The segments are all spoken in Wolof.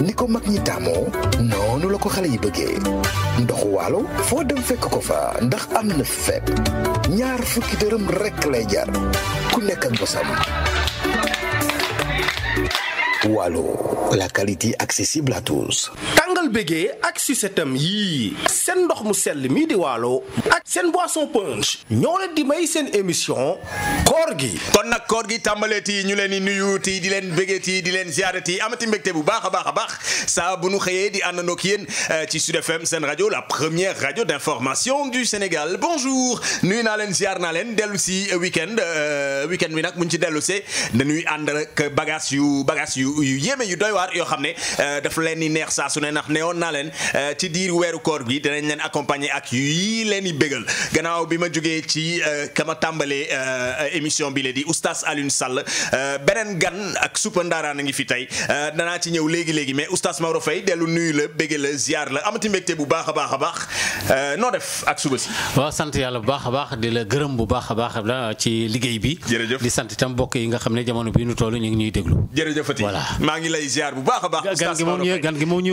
ni ko mag ñi tàmmoo noonu la ko xale yi bëggee ndox waalo foo dem fekk ko fa ndax am na fépp ñaar fukki dërëm rekk lay jar ku nekk ak bosam Waalo la qualité accessible à tous. tàngal bégee ak susetam yii seen ndox mu sell mii di waalo ak seen boisson punch ñoo leen di may seen émission koor gi kon nag koor gi tàmbaleeti ñu leen di nuyuuti di leen bëggeeti di leen ziarati amati mbégte bu baax a baax a baax saa bu nu xëyee di àndandoo ak yéen euh, ci Sud FM seen rajo la première radio d'information du Sénégal bonjour nuyu naa leen ziar naa leen dellu si weekend euh, weekend bi nag buñ ci dellu see dañuy ànd ak bagage yu bagage yu yu yéeme yu doy waar yoo xam ne euh, daf leen di neex saa su ne ndax bégal gannaaw bi ma jógee ci euh, kama tàmbalee euh, émission bi la di oustaz Alioune Sall euh, beneen gan ak supa ndaaraan a ngi fi tey danaa ci ñëw léegi léegi mais oustaz Maodo Faye dellu nuyu la bégal la ziar la amati mbégte bu baax a baax a baax noo def ak suba si. waaw sant yàlla bu baax a baax di la gërëm bu baax a baax a ci liggéey bi. jërëjëf di sant tam mbokk yi nga xam ne jamono bi ñu toll ñu ngi ñuy déglu. jërëjëf Fatick voilà maa ngi lay ziar bu baax a baax. gan gi moom ñëw gan gi moom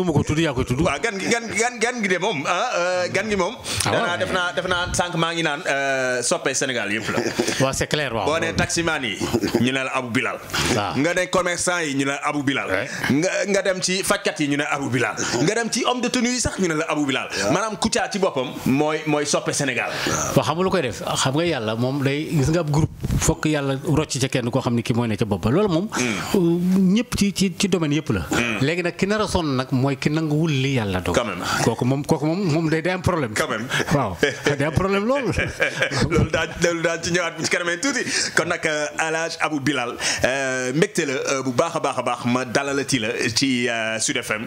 gan gan gan moom ah, gan gi moom. Ah, defe naa sànq maa ngi naan euh, soppe Sénégal yëpp la. waaw c'est clair waaw boo nee yi ñu ne la Abou Bilal. nga ne commerçant yi ñu ne la Abou Bilal. nga nga dem ci fajkat yi ñu ne Abou Bilal. nga dem ci homme de tenue yi sax ñu ne la Abou Bilal. maanaam Kouthia ci boppam mooy mooy soppe Sénégal. waaw xam nga lu koy def xam nga yàlla moom day gis nga ab groupe. fokk yàlla rocc ca kenn koo xam ne ki mooy ne ca bopp ba loolu moom. ñëpp ci ci ci domaine yëpp la. Mm. léegi nag ki nara a sonn nag mooy ki nanguwul li yàlla doon. quand même kooku moom kooku moom moom day day am problème. quand même waaw day am problème loolu. loolu daal loolu daal ci ñëwaat bu ci kanamee tuuti kon nag euh, El abu Abou Bilal euh, mbégte la euh, bu baax a baax a baax ma dalalati la ci Sud FM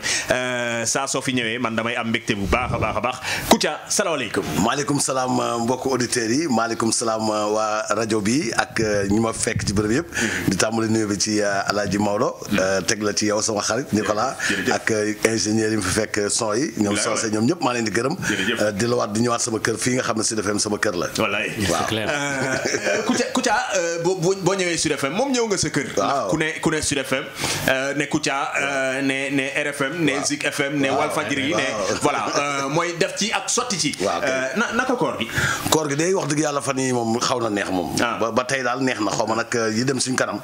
saa soo fi ñëwee man damay am mbégte bu baax a baax a baax Koutia salaamaaleykum. maaleykum salaam mbokku auditeurs yi maaleykum salaam waa rajo bi. ak euh, ñi ma fekk ci bërëb yëpp mm-hmm. di tàmbali nuyu bi ci euh, alaaji Maodo euh, mm-hmm. teg la ci yow sama xarit Nicolas ak ingénieur yi mu fi fekk son yi ñoom sonsé ñoom ñëpp maa leen di gërëm di la waat di ñëwaat sama kër fii nga xam ne Sud FM sama kër la boo ñëwee Sud FM moom ñëw nga sa kër ku ne ku ne Sud FM ne Kouthia ne ne RFM ne Zik FM ne Walfadjri ne voilà mooy def ci ak sotti ci naka koor gi koor gi day wax dëgg yàlla fan yi moom xaw na neex moom ah. tey daal neex na xaw ma nag euh, yi dem suñ kanam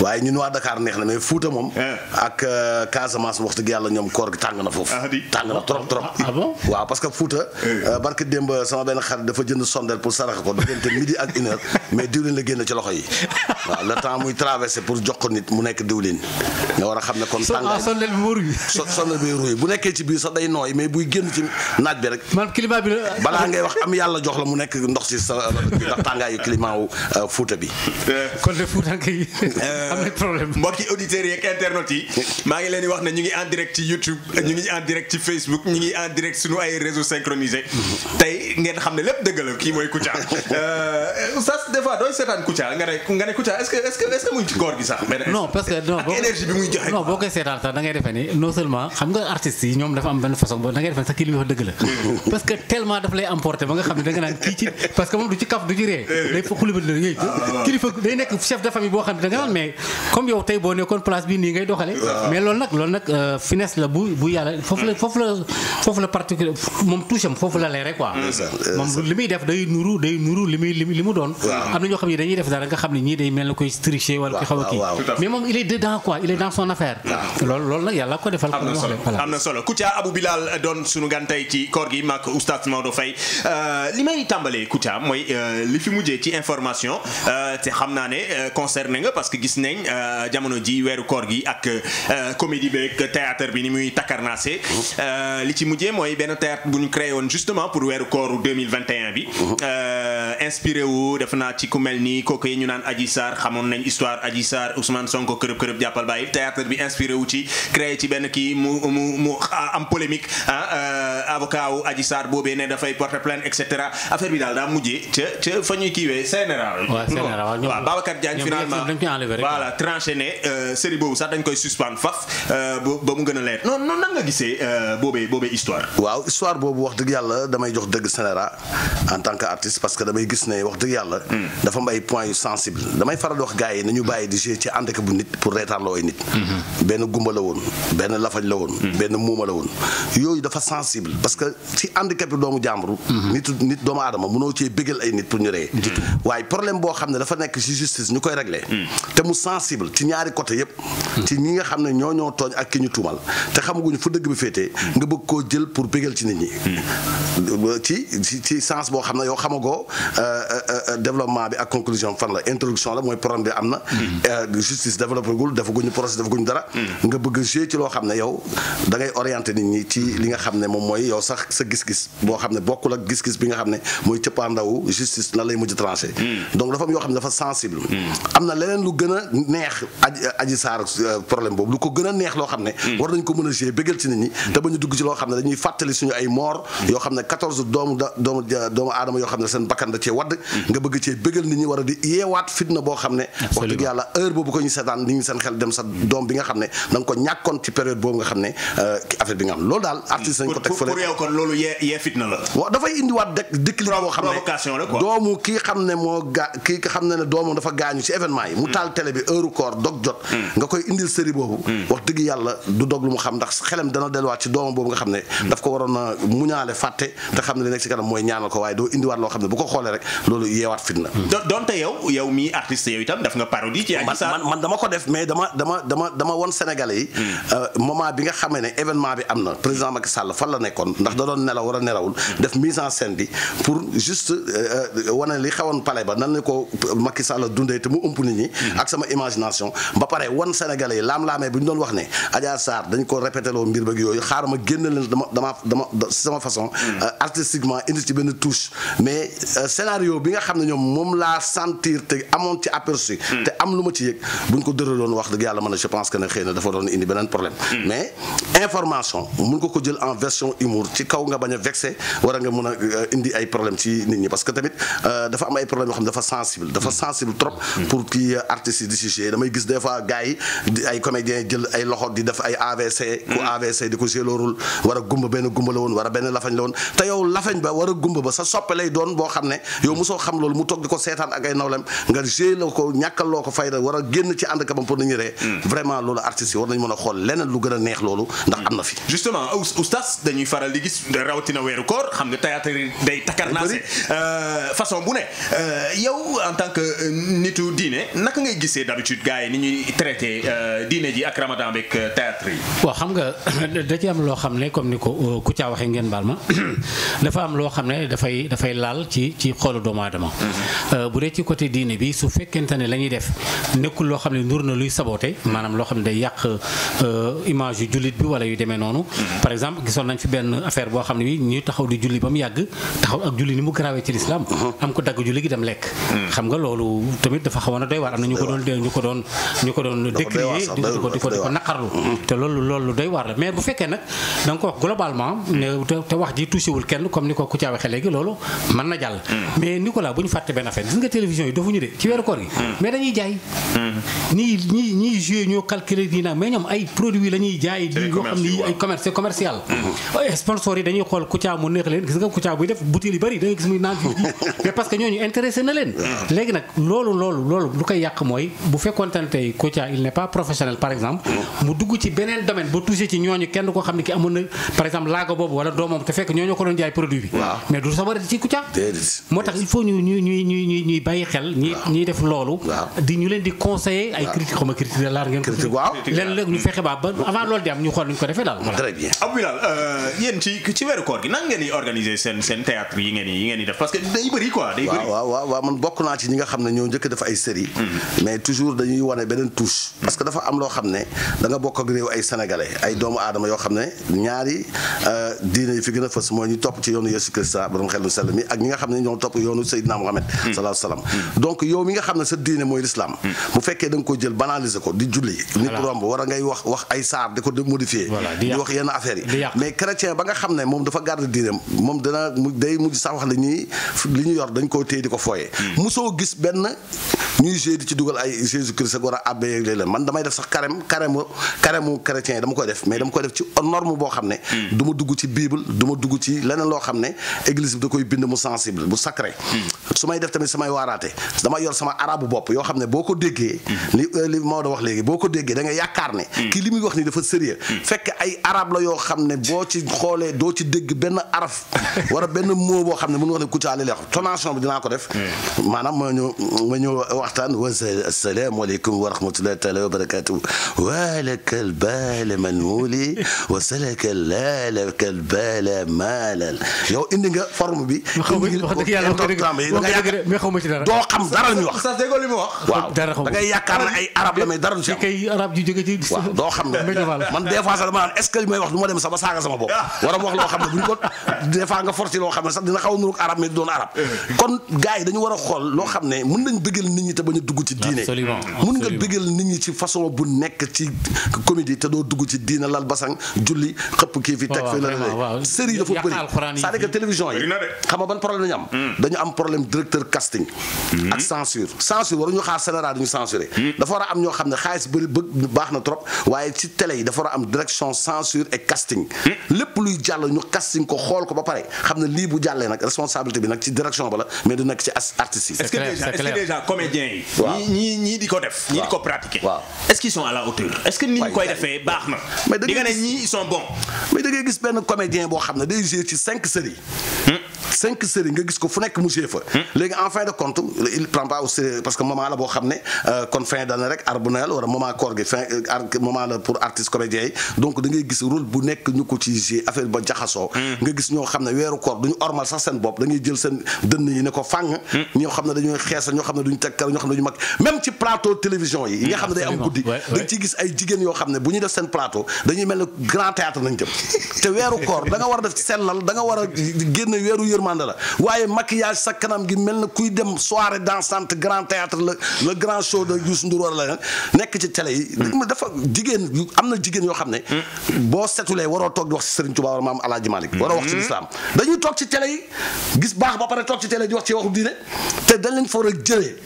waaye ñun waa Dakar neex na mais Fuuta moom eh. ak euh, Casamance wax dëgg yàlla ñoom koor gi tàng na foofu ah, tàng na trop trop ah, ah waaw parce que Fuuta eh. euh, barke démb sama benn xarit dafa jënd sondeel pour sarax ko diggante midi ak une heure mais diwlin la génn ci loxo yi waaw le temps muy traversé pour jox ko nit mu nekk diwlin nga war a xam ne kon tàngaay sondeel bi ruuy sondeel bu nekkee ci biir sax day nooy mais buy génn ci naaj bi rek balaa ngay Fouta bi. Euh, kon de Fuutanke yi euh, am na problème. mbokki auditeurs yeeg internautes yi maa ngi leen di wax ne ñu ngi en direct ci YouTube ñu ngi en direct ci Facebook ñu ngi en direct suñu ay réseaux synchronisés tey ngeen xam ne lépp dëgg la kii mooy Kouthia euh, oustaz des dooy seetaan Kouthia nga ne nga ne Kouthia est-ce que est-ce que est-ce que mu ngi ci góor gi sax. non parce que non ak énergie bi muy joxe. non boo koy seetaan sax da ngay defee ni kilifa day nekk chef de famille boo xam ne da nga naan mais comme yow tey boo nekkoon place bi nii ngay doxale mais loolu nag loolu nag euh, finesse la bu yàlla foofu la mm. foofu la foofu la particulier moom touche foofu la leere quoi mm. moom li muy def day nuru day nuru li muy li mu doon am na ñoo xam ne def dara nga xam ne ñii day mel na koy tricher wala ki xaw a kii mais moom il est dedans quoi il est dans son affaire loolu loolu nag yàlla ko defal ko am solo Kouthia Abou Bilal doon suñu gan tey ci koor gi mag oustaz Maodo Faye euh, li may tàmbalee Kouthia mooy euh, li fi mujjee ci information Euh, te xam naa ne euh, concerné nga parce que gis nañ euh, jamono ji weeru koor gi ak comédie beeg théâtre bi ni muy takkarnaase mhm. li ci mujjee mooy benn théâtre bu ñu créé woon justement pour weeru kooru 2021 bi mhm. inspiré wu def naa ci ku mel ni kooku yi ñu naan Adji Sarr xamoon nañ histoire Adji Sarr Ousmane Sonko kërëb kërëb jàppal bàyyi théâtre bi inspiré wu ci créé ci benn kii mu mu mu am polémique ah avocat wu Adji Sarr boobee ne dafay porter plainte et affaire bi daal daa mujjee ca ca fa ñuy kiiwee général. waaw général ñoom waaw Babacar Diagne finalement voilà tranché ne euh, série boobu sax dañ koy suspendre faf euh, ba mu gën a leer non non nan nga gisee euh, boobee boobee histoire. waaw histoire boobu wax dëgg yàlla damay jox dëgg Sénéra en tant que artiste parce que damay gis ne wax dëgg yàlla. Hmm. dafa am ay points yu sensible damay faral di wax gaa yi nañu bàyyi di jouer ci ànd ak bu nit pour reetaan looy nit. Hmm. benn gumba la la woon. Hmm. benn muuma la parce que ci si handicapé doomu jàmbur. Mhm. nit nit doomu aadama munoo cee bégal ay nit pour ñu ree waaye problème boo xam ne dafa nekk si justice ñu koy réglé. Mm. te mu sensible ci ñaari côté yëpp. Mm. ci ñi nga xam ne ñoo ñoo tooñ ak ki ñu tuumal te xamaguñu fu dëgg bi féetee. Mm. nga bëgg koo jël pour bégal ci nit ñi. ci ci ci sens boo xam ne yow xamagoo euh, euh, euh, développement bi ak conclusion fan la introduction la mooy problème bi am na. justice développé gul defaguñu procès defaguñu dara. nga bëgg jouer ci loo xam ne yow da ngay orienté nit ñi ci li nga xam ne moom mooy yi sax sa gis-gis boo xam ne bokkul ak gis-gis bi nga xam ne mooy cëppaandawu justice nan lay mujj tranché donc dafa yoo xam ne dafa sensible am na leneen lu gën a neex aji saar problème boobu lu ko gën a neex loo xam ne war nañ ko mën a ci nit ñi da nga a di xam ne wax bi nga xam ne loolu daal artiste nañ ko teg fële pour yow kon loolu yee fitna la. waaw dafay indiwaat dëkk dëkk. provocation la quoi boo xam ne doomu kii xam ne moo ga kii xam ne ne dafa gaañu ci événement yi. mu hmm. taal télé bi heure koor dog jot. Hmm. nga koy indil série hmm. xam ne. daf ko waroon a muñaale fàtte te xam ne li nekk ci kanam mooy ñaanal ko waaye doo indiwaat loo xam ne bu ko xoolee rek loolu yeewaat fitna. donte yow yow mi artiste yow itam daf nga parodie man dama ko def mais dama won Sénégalais yi euh, moment bi nga xamee defoon ndax da doon nelaw war a nelawul def mise en scène bi pour juste euh, euh, wane li xewoon palais ba nan la ko Macky Sall dundee te mu ëmp nit ñi mm-hmm. ak sama imagination ba pare wan sénégalais yi laam-laamee bu ñu doon wax ne Adja Sarr dañ ko répété loo mbir bëgg yooyu xaaral ma génn leen dama dama dama sama façon mm-hmm. euh, artistiquement indi ci benn touche mais scénario bi nga xam ne ñoom moom laa sentir te amoon ci aperçu mm-hmm. te am lu ma ci yëg bu ñu ko d wax dëgg yàlla man a je na dafa doon indi beneen problème mais information mun amour ci kaw nga bañ a vexé war a nga mën a euh, indi ay problème ci nit ñi parce que tamit euh, dafa am ay problème yoo xam dafa sensible dafa sensible trop pour kii euh, artistes yi di sujet damay gis des fois gars yi ay comédiens jël ay loxo di def ay AVC ku hmm. AVC di ko géloorul war a gumba benn gumba la woon war a benn lafañ la woon te yow lafañ ba war a gumba ba sa soppe lay doon boo xam ne yow mosoo xam loolu mu toog ko seetaan ak ay nawlem nga géloo ko ñàkkal loo ko fayda war a génn ci ànd kabam pour nit ñi hmm. vraiment loolu artistes yi nañ mën a xool leneen lu gën a neex loolu ndax am na fi faral di gis rawatina weeru koor xam nga théâtre day takarnaase euh, façon bu ne euh, yow en tant que euh, nitu diine naka ngay gisee d'habitude gaa yi ni ñuy traité diine ji ak ramadan beeg théâtre yi. waaw xam nga da ci am loo xam ne comme ni ko ku caa waxee ngeen baal ma dafa am loo xam ne dafay dafay laal ci ci xoolu doomu aadama. Mm-hmm. bu dee ci côté diine bi su fekkente ne lañuy def nekkul loo xam ne nur na luy saboté maanaam loo xam ne day yàq image yu jullit bi wala yu demee noonu. Mm-hmm. benn affaire boo xam ne bi ñuy taxaw di julli ba mu yàgg taxaw ak julli ni mu garaawee ci lislaam mhm. am ko dagg julli gi dem lekk hmm. xam nga loolu tamit dafa xawoon a doy waar am na ñu ko doon ñu ko doon ko di ko di ko hmm. te loolu doy waar la mais bu fekkee nag da ko wax globalement hmm. ne te wax ji touché kenn comme ni ko ku caa waxee léegi loolu mën na jàll mais Nicolas bu ñu fàtte benn affaire gis nga télévision yi dafuñu de ci weeru koor gi mais dañuy jaay sponsor yi dañuy xool Kouthia mu neex leen gis nga Kouthia buy def bouteille yu bëri da ngay gis muy naan fi mais parce que ñooñu intéressé na leen léegi nag loolu loolu loolu lu koy yàq mooy bu fekkoonte tey Kouthia il n'est pas professionnel par exemple mm. mu dugg ci beneen domaine ba touché ci ñooñu kenn koo xam ne ki amoon na par exemple laago boobu wala doomam te fekk ñooñu ko doon jaay produit bi mais du sabar ci Kouthia moo tax il faut ñu ñuy ñuy yéen ci ci weeru koor gi nan ngeen di organiser seen seen théâtre yi ngeen yi ngeen di def parce que day bëri quoi. day bëri waaw waaw waaw man bokk naa ci ñi nga xam ne ñoo njëkk def ay série hmm. mais toujours dañuy wane beneen touche. parce que dafa am loo xam ne da nga bokk ak réew ay sénégalais ay doomu aadama yoo xam ne euh, a fës mooy ñu topp ci ñoo topp yoonu Seydina Mohamed. Hmm. salaahu hmm. sa diine mooy l'islam. bu fekkee da ko jël banaliser ko di julli. nit romb war a ngay wax wax ay saar di ko di wax demee ba nga xam ne moom dafa garde diineem moom dana day mujj sax wax ne ñii li ñu yor dañ koo téye di ko fooyee. musoo hmm. gis benn ñuy jéem di ci dugal ay Jésus Christ ak war a abbé léeg man damay def sax carême carême carême chrétien dama koy def mais dama koy def ci norme boo xam ne. Hmm. du ma dugg ci bible du dugg ci leneen loo xam ne église bi da koy bind mu sensible bu sacré. Hmm. su may def tamit samay waaraate dama yor sama arabu bopp yoo xam ne boo ko déggee. li euh, li Maodo wax léegi boo ko déggee da nga yaakaar ne. kii li muy wax nii dafa sérieux fekk ay arab yoo xam ne xoolee doo ci dégg benn araf wala benn mot boo xam ne mën nga wax ne Kouthia li lay wax tonation bi dinaa ko def maanaam ma ñëw ma ñëw waxtaan wa asalaamaaleykum wa rahmatullahi taala wa barakatuh waalakal baala man muuli wa salakal laalakal baala maalal yow indi nga forme bi mais xaw ma ci dara doo xam dara ñu wax sax déggoo li mu wax waaw da ngay yaakaar ne ay arab la mais dara ñu si kay arab ju jóge ci waaw doo xam ne man des fois sax dama naan est-ce que li may wax du ma dem sax ba saaga sama bopp ah. war wax loo xam ne bu ñu ko des fois nga forcé loo xam ne sax dina xaw a nuru arab mais doon arab kon gars yi dañu war a xool loo xam ne mën nañ bëggal nit ñi te bañ a dugg ci diine mun nga bëggal nit ñi ci façon bu nekk ci comédie te doo dugg ci diine lal basang julli xëpp kii fi teg fi la la série dafa bëri c'est-à-dire télévision yi xam nga ban problème dañu am hmm. dañu am problème directeur casting hmm. ak censure censure waruñu xaar général dañu censuré hmm. dafa war a am ñoo xam ne xaalis bëri bëgg baax na trop waaye ci télé yi dafa a am direction censure et casting luy jàll ñu casting ko xool ko ba pare xam ne lii bu jàllee nag responsabilité bi nag ci direction ba la mais du nekk ci artiste est-ce que déjà est yi. ñii di ko def. ñii di ko pratiquer. est-ce qu'ils sont à la hauteur. est-ce que ni koy defee baax na. mais da ngay ñii ils sont bons. mais da ngay gis benn comédien boo xam ne day jouer ci cinq séries. Hmm? cinq séries nga gis ko fu nekk mu joué fa. Hmm? léegi en fin de compte il parce que moment la boo xam ne euh, kon fin d'année rek arbre Noël wala moment koor gi fin euh, moment la pour artiste comédien yi donc da ngay gis rôle bu nekk ñu ko ci affaire ba jaxasoo. Hmm. nga gis ñoo xam ne weeru koor duñu ormal sax seen bopp dañuy jël seen dënn yi ne ko fàng. Hmm? ñoo xam ne dañuy xeesal ñoo xam ne duñu teg kar ñoo xam ne duñu mag même ci plateau télévision yi. yi xam ne day am guddi ne bu ñuy def seen plateau dañuy mel ne grand théâtre nañ jëm nga war a def sellal da nga war a génn weeru yërm yërmande la waaye maquillage sa kanam gi mel na kuy dem soirée dansante grand théâtre la grand show de Youssou Ndour wala la nekk ci télé yi. Hmm. dafa jigéen am na jigéen yoo xam ne. Hmm. boo setulee waroo toog di wax ci Serigne Touba a maam El Hadj Malick. waroo wax ci hmm. lislaam dañuy toog ci télé yi gis baax ba pare toog ci télé di wax ci waxu diine te dañ leen fa war a jëlee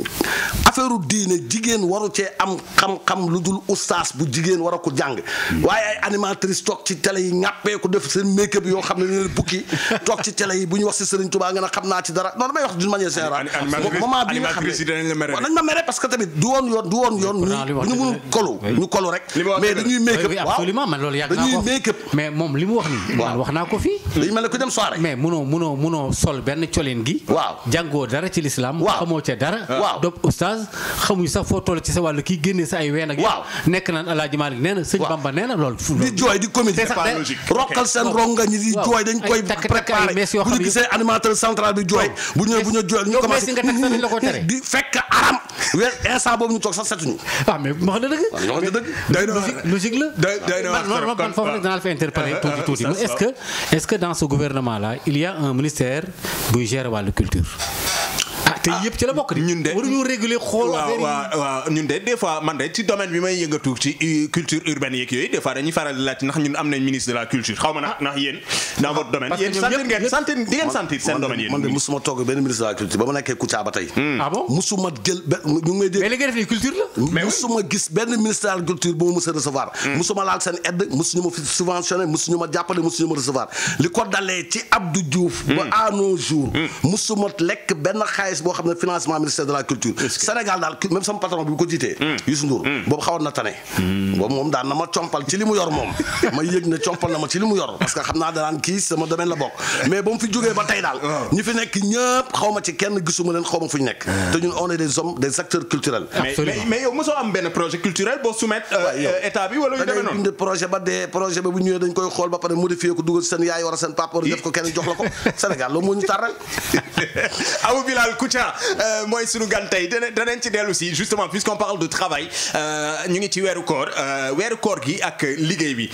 affaire diine jigéen waru cee am xam-xam lu dul ustaas bu jigéen war a ko jàng waaye ay animatrice toog ci télé Serigne Touba nga a xam naa ci dara non damay wax d'une manière générale ma mere parce que tamit du woon yoon du woon yoon ñu mënul kolu ñu kolu rek mais dañuy make mais munoo munoo sol benn colin gi jàngoo dara ci l'islam xamoo ca dara dob oustaz xamuñu sax foo toll ci sa wàllu kii génnee sa ay ween ak nekk naan alaaji Malick nee na sëñ Bamba nee na di jooy di comédie rokkal seen ronga ñi di jooy dañ koy préparé bu ñu gisee animateur central bi jooy bu ñëw bu ñu jooy ñu commencé di fekk aram weer instant boobu ñu toog sax setuñu waaw ah, mais wax na dëgg wax dëgg day na logique la day na man foofu nag danaa la fa interpeller euh, tuuti tuuti est-ce que est-ce que dans ce gouvernement là il y a un ministère buy gérer wàllu culture te yëpp ci la bokk di ñun de waruñu man de ci domaine bi may yëngatu ci euh, culture urbaine yeeg yooyu des fois dañuy faral di musuma gis benn ministre de culture bu ma mës a recevoir hmm. musuma laal seen aide musuñu ma subventionné musuñu ma jàppale musuñu ma recevoir li ko ci Abdou Diouf ba hmm. à nos hmm. musuma lekk benn xaalis boo xam ne financement ministère de la culture Sénégal daal même sama patron bi bu ko jiitee hmm. Youssou Ndour hmm. boobu xawoon na tane hmm. boobu moom daan na ma compal ci li mu yor moom ma yëg ne compal na ma ci li mu yor parce que xam naa danaan kii sama domaine la bokk mais ba mu fi jógee ba tey daal ñi fi nekk ñëpp xaw ma ci kenn gisuma leen xaw ma fu ñu nekk te ñun on est des hommes des acteurs culturels mais yow mosoo am benn projet culturel boo soumettre euh, euh, état bi wala yu demee ba dee projet ba dañ koy xool ba pare modifié ko dugal seen yaay a seen papa def Aïcha euh, mooy sunu gan tey de travail euh, ñu ngi ci weeru koor euh, weeru koor gi ak liggéey bi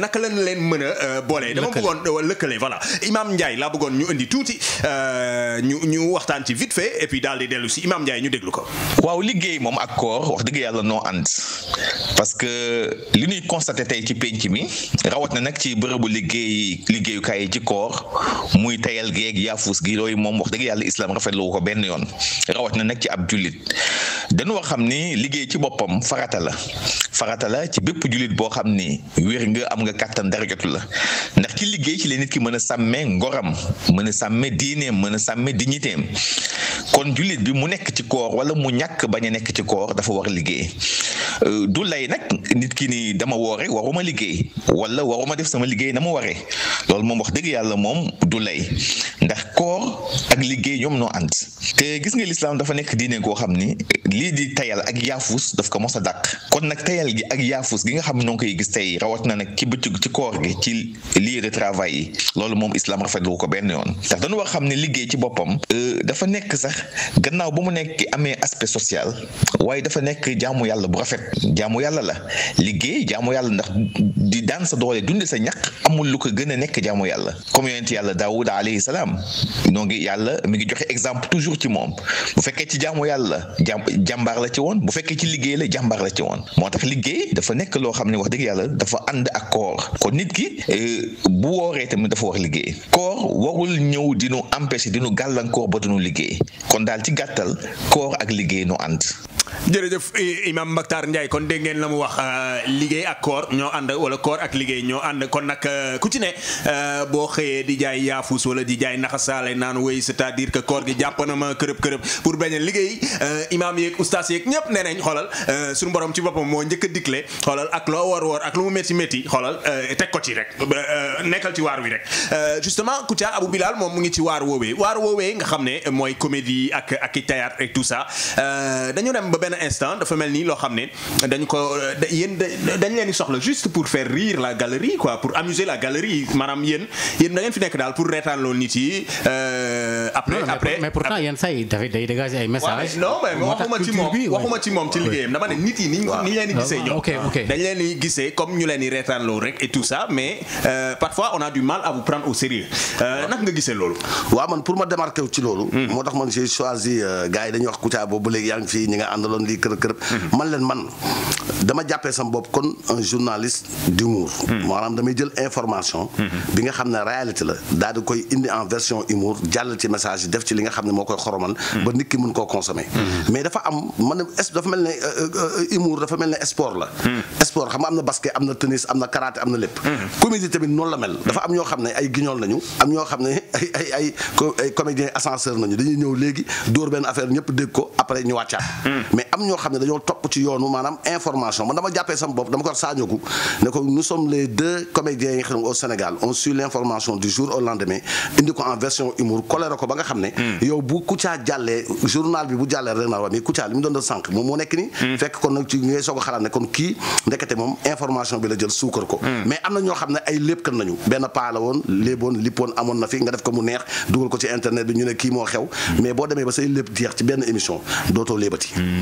naka lañ leen mën a boole. dama bëggoon lëkkale voilà Imam Ndiaye laa bëggoon ñu indi tuuti ñu ñu waxtaan ci vite fait di dellu si Imam Ndiaye ñu déglu ko. waaw liggéey moom ak koor wax dëgg yàlla noo ànd parce que li ñuy constaté tey ci penc mi rawat na nag ci bërëbu liggéey liggéeyukaay yi ci koor muy tayal geeg yaafus gi looyu moom wax dëgg yàlla islam rafetlu ko benn benn yoon rawat na nag ci ab jullit dañoo xam ni liggéey ci boppam farata la farata la ci bépp jullit boo xam ni wér nga am nga kàttan dara jotu la ndax ci liggéey ci la nit ki mën a sàmmee ngoram mën a sàmmee diineem mën a sàmmee dignitéem kon jullit bi mu nekk ci koor wala mu ñàkk bañ a nekk ci koor dafa war a liggéey euh, du lay nag nit ki nii dama woore waruma liggéey wala waruma def sama liggéey na ma waree loolu moom wax dëgg yàlla moom du lay ndax koor ak liggéey ñoom noo ànd te gis nga lislaam dafa nekk diine koo xam ni lii di tayal ak yaafus daf ko mos a dàq kon nag tayal gi ak yaafus gi nga xam noo koy gis tey rawat na nag ci bëccëg ci koor gi ci lieu de yi loolu moom islam rafetlu ko benn yoon ndax dañu war xam ne liggéey ci boppam euh, dafa nekk sax gannaaw ba mu nekk amee aspect social waaye dafa nekk jaamu yàlla bu rafet jaamu yàlla la liggéey jaamu yàlla ndax di daan sa doolee dunde sa ñaq amul lu ko gën a nekk jaamu yàlla comme yonent yàlla daawuda alayhi salaam noo ngi yàlla mi ngi joxe exemple toujours ci moom bu fekkee ci jaamu yàlla jàmbaar la ci woon bu fekkee ci liggéey la jàmbaar la ci woon moo tax liggéey dafa nekk loo xam ne wax dëgg yàlla dafa ànd ak koor kon nit ki euh, bu wooree tamit dafa war liggéey koor warul ñëw dinu empêcher dinu gàllankoor ba dinu liggéey kon daal ci gàttal koor ak liggéey nu ànd jërëjëf Imam Mactar Ndiaye kon dégg ngeen la mu wax euh, liggéey ak koor ñoo ànd wala koor ak liggéey ñoo ànd kon nag euh, ku ci ne euh, boo xëyee di jaay yaafus wala di jaay naxasaale naan wéy c'est-à-dire que koor gi jàpp na ma kërëb kërëb pour bañ a liggéey imaam yeeg ustaas yeeg ñëpp nee nañ xoolal suñu borom ci boppam moo njëkk a digle xoolal ak loo woor woor ak lu mu métti métti xoolal teg ko ci rek nekkal ci waar wi rek. justement Koutia Abou Bilal moom mu ngi ci waar woowee waar woowee nga xam ne mooy comédie ak ak théâtre et tout ça ba benn instant dafa mel nii loo xam ne dañ leen soxla juste pour faire rire la galerie quoi pour amuser la galerie maanaam yéen yéen da fi nekk daal pour reetaan loolu nit yi euh, après après mais pourtant yéen say dafay day dégager ay messages. non mais waxuma waxuma ci moom ci liggéeyam dama ne nit yi ni ñu leen di gisee ah, dañ leen di comme ñu leen reetaan loolu rek et tout ça mais euh, parfois on a du mal à vous prendre au sérieux euh, naka nga gisee loolu. waaw man pour àndaloon lii kër kër. Hmm. man leen man dama jàppee sama bopp kon un journaliste d'humour. Hmm. maanaam damay jël information. Hmm. bi nga xam ne réalité la daal di koy indi en version humour jàll ci message def ci li nga xam ne moo koy xoromal. ba nit ki mun koo consommer. mais dafa am man dafa mel ne euh, euh, euh, humour dafa mel ne sport la. sport xam nga am na basket am na tennis am na karaté am na lépp. comédie tamit noonu la mel. dafa am ñoo xam ne ay guignol nañu am ñoo xam ne ay mais am ñoo xam ne dañoo topp ci yoonu maanaam information man dama jàppee sama bopp dama ko wax ko hmm. nekk nii. Hmm. fekk kon nag ci ngay soog a xalaat ne kon kii ndekete moom information bi la jël suukar ko. Hmm. mais am na ñoo xam ne ay lépp kan nañu benn paa la woon léeboon lippoon amoon na fi nga def ko mu neex dugal ko ci internet bi ñu ne kii moo xew mais boo demee ba say lépp jeex ci benn émission dootoo léebati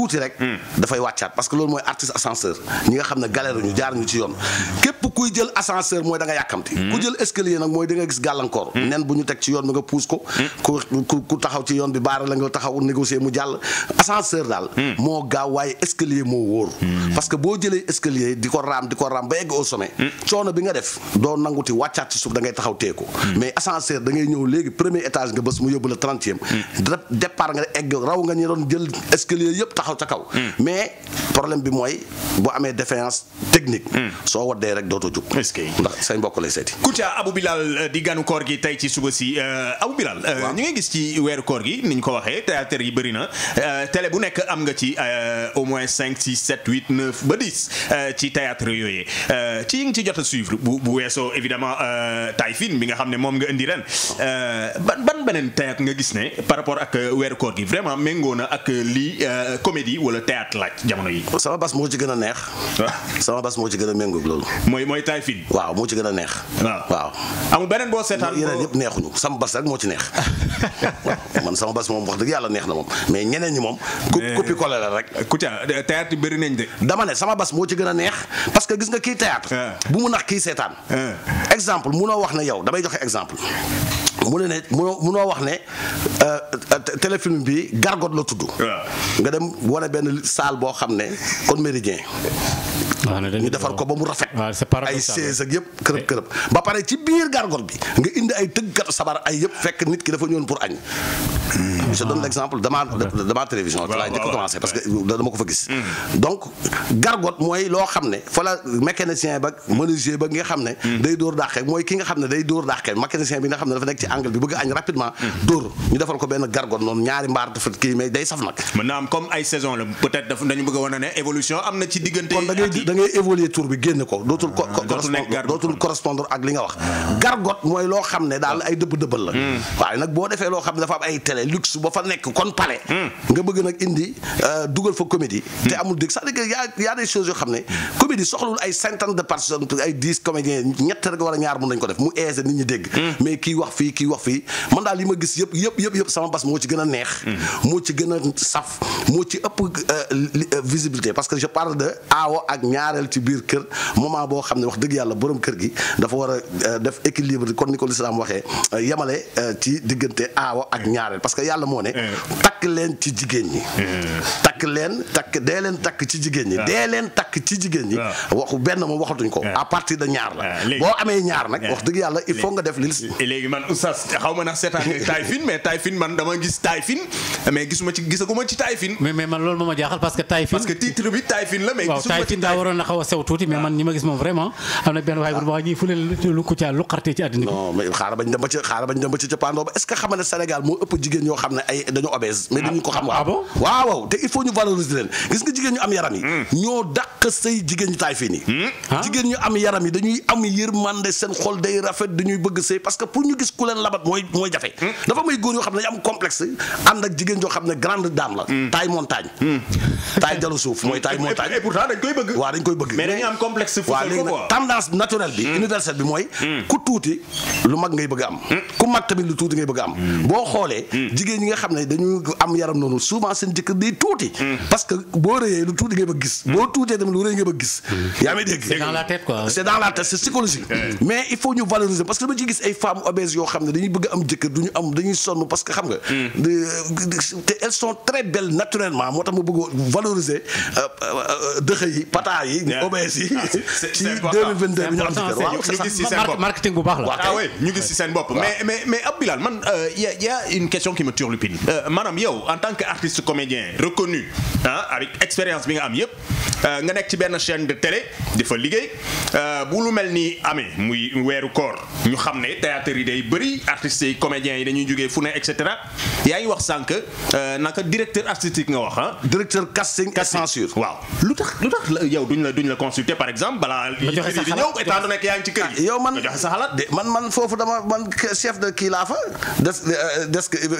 tuuti rek. Hmm. dafay wàccaat parce que loolu mooy artiste ascenseur ñi nga xam ne galère ñu jaar ci yoon képp kuy jël ascenseur mooy da yàkkamti. Hmm. ku jël escalier nag mooy da gis gàllankoor. Hmm. nen bu ñu teg ci yoon bi nga puus ko. ku taxaw ci yoon bi baara la nga taxaw négocier mu jàll ascenseur daal. moo gaaw waaye escalier moo wóor. parce que boo jëlee escalier di ko raam di ko raam ba egg au coono bi nga def doo nanguti wàccaat ci suuf da taxaw ca kaw. Hmm. mais problème bi mooy boo amee défaillance technique. Hmm. soo waddee rek dootoo jug. ndax say mbokk lay seeti. Kouthia Abou Bilal euh, di ganu koor gi tey ci suba si euh, Abou Bilal. Euh, ñu ngi gis ci weeru koor gi ni ko waxee théâtre yi bëri na télé bu nekk am nga ci au moins ci théâtre yooyu ci yi nga ci jot a suivre bu bu weesoo évidemment Taïfin bi nga xam ne moom nga indi ren ban ban beneen théâtre nga gis ne par rapport ak weeru koor gi vraiment méngoo ak comédie wala théâtre laaj jamono moo ci gën a neex. Ah. sama bas moo ci mooy mooy taay fii. waaw moo ci gën neex. Ah. sama bas rek moo ci neex waaw man sama bas moom wax dëgg yàlla neex na moom mais ñeneen ñi moom. copi collé la rek. Kouthia théâtre nañ de. dama ne sama bas moo ci gën a neex parce que gis nga kii théâtre. Ah. bu mu nax kii seetaan. exemple munoo wax ne yow damay joxe exemple. mu ne ne munoo munoo wax ne euh, téléfilm bi gargot la tudd. nga dem wane benn salle boo xam ne kon méridien ah, ñu defar ko ba mu rafet ah, ay sées ak yëpp kërëb eh. kërëb ba pare ci biir gargol bi nga indi ay tëggkat sabar ay yëpp fekk nit ki dafa ñëwoon pour añ je donne l'exemple de ma de ma télévision. waaw waaw waaw parce que dama ko fa gis. Mm. donc gargote mooy loo xam ne fa la ba menuisier ba nga xam ne. Mm. day dóor dàqee mooy ki nga xam ne day dóor dàqee mécanicien bi nga xam ne dafa nekk ci angle bi bëgg añ rapidement. Mm. dóor ñu defal ko benn gargote noonu ñaari mbaar dafa kii a wane ne évolution diggante. kon da ngay da ngay évoluer tour bi génn ko dootul. Ah, dootul correspondre ak li nga wax. gargote mooy loo xam ne daal ah. ay dëbb dëbbal palais luxe ba fa nekk kon palais. Hmm. nga bëgg nag indi euh, dugal fa comédie. Hmm. te amul dëgg c'est-à-dire que y' a a des choses yoo xam ne comédie soxlul ay cinquante de personnes ay dix comédiens ñett war a ñaar mun nañ ko def mu aise nit ñi dégg. Hmm. mais kii wax fii kii wax fii man daal li ma gis yëpp yëpp sama bas moo ci a a ëpp euh, euh, visibilité parce que je parle de aawo ak ñaareel ci biir kër moment boo xam ne wax dëgg yàlla borom kër gi dafa war a def équilibre kon ni ko lislaam waxee yemale ci parce que yàlla moo eh. eh. ah. ah. eh. la. mais man loolu moo ma jaaxal parce que taay parce que titre bi taay la mais. gisuma ci daa waroon na xaw sew tuuti mais ah. man ñi ma gis moom vraiment am na benn waaye bu ma ñuy lu Kouthia lu xartee ci àddina bi. non bañ dem ba ci xaaral bañ ba est-ce que xam Sénégal moo ëpp jigéen jigéen ñoo xam ne ay dañoo obèse mais dañu ko xam ah waaw waaw te il faut ñu valoriser leen gis nga jigéen ñu am yaram yi hmm. ñoo dàq say jigéen ñu taay fii nii hmm? ah? Ah? jigéen ñu am yaram yi dañuy am yërmande seen xol day rafet dañuy bëgg sëy parce que pour ñu gis ku leen labat mooy jafe hmm? dafa may góor yoo xam ne am complexe ànd ak jigéen joo xam ne grande dame la taille montagne taille jalu suuf mooy taille montagne et dañ koy bëgg mais dañu am complexe waaw léegi mooy ku tuuti lu mag jigéen ñi nga xam ne dañu am yaram noonu souvent seen jëkkër day tuuti parce que boo rëyee lu tuuti ngay bëgg gis boo tuutee tamit lu rëy ngay bëgg gis yaa ngi dégg c'est dans la tête c'est dans mais il faut ñu valoriser parce que dama ci gis ay femmes obèses yoo xam ne dañuy bëgg am jëkkër duñu am dañuy sonn parce que xam nga mm. elles sont très belles naturellement moo tax ma bëgg valoriser euh, euh, dëxa yi pata yi obèses yi ah, ci 2022 bi ñu am jëkkër bu baax question qui euh, yow en tant que artiste comédien reconnu avec expérience bi nga am yëpp euh, nga nekk ci benn chaîne de télé di fa liggéey euh, bu lu mel ni amee muy weeru koor ñu xam ne théâtre yi day bëri artistes yi comédiens yi dañuy jógee fu ne et cetera yaa ngi wax sànq naka directeur artistique nga wax directeur casting et censure. waaw lu tax lu tax yow duñ la duñ la consulter par exemple balaa. ma joxe sa xalaat di ñëw étant donné que yaa ngi ci kër ah, gi.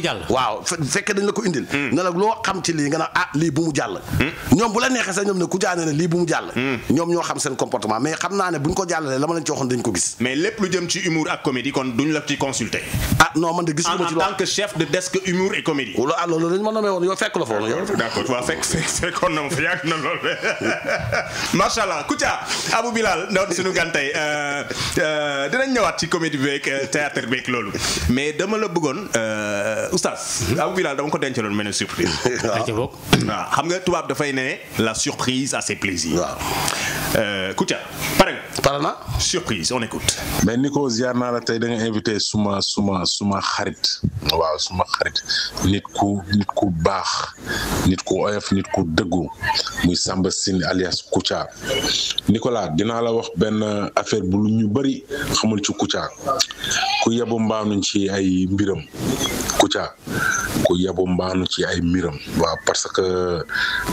buy jàll waaw fekkee dañ la ko indil hmm. ne loo xam ci lii nga naan ah lii bu mu jàll hmm. ñoom bu la neexee sax ñoom ne ku jaane ne lii bu mu jàll hmm. ñoom ñoo xam seen comportement mais xam naa ne buñ ko jàllalee la ma leen ci dañ ko gis mais lépp lu jëm ci humour ak comédie kon duñ la ci consulter ah non man de gisuma ci loo en ah, loolu dañ ma nommé woon yow fekk la fa yow d'accord waaw fekk fekkoon na ma yàgg na euh, euh, euh, loolu mais dama la bëggoon oustaz. Mhm. abu bilal dama ko dencaloon mel ne surprise. waaw ah. ah, xam nga tubaab dafay ne la surprise a ses plaisirs. waaw euh, Kouthia pare nga. na surprise on écoute. mais Nico ziar naa la tey da invité suma suma suma xarit. waaw suma xarit nit ku ku baax nit ku oyof nit ku dëggu muy Samba Sine alias Kouthia Nicolas dinaa la wax benn affaire bu lu ñu bari xamul ci Kouthia ku yebu mbaam nuñ ci ay mbiram. Kouthia ku yebu mbaanu ci ay miram waaw parce que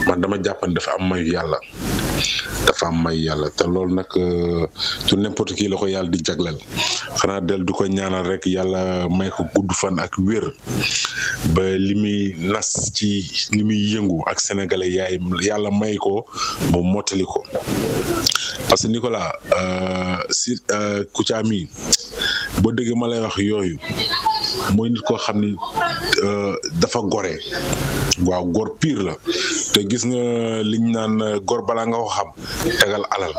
man dama jàpp dafa am mayu yàlla dafa am may yàlla te loolu nag tu euh, n'importe qui la ko yàlla di jagleel xanaa del du ko ñaanal rek yàlla may ko gudd fan ak wér ba li muy nas ci li muy yëngu ak sénégalais yaay yàlla may ko mu mottali ko parce que Nicolas euh, si euh, Kouthia mi boo déggee ma lay wax yooyu. mooy nit koo xam ni euh, dafa gore waaw góor piir la te gis nga liñ naan euh, góor balaa nga ko xam tegal alal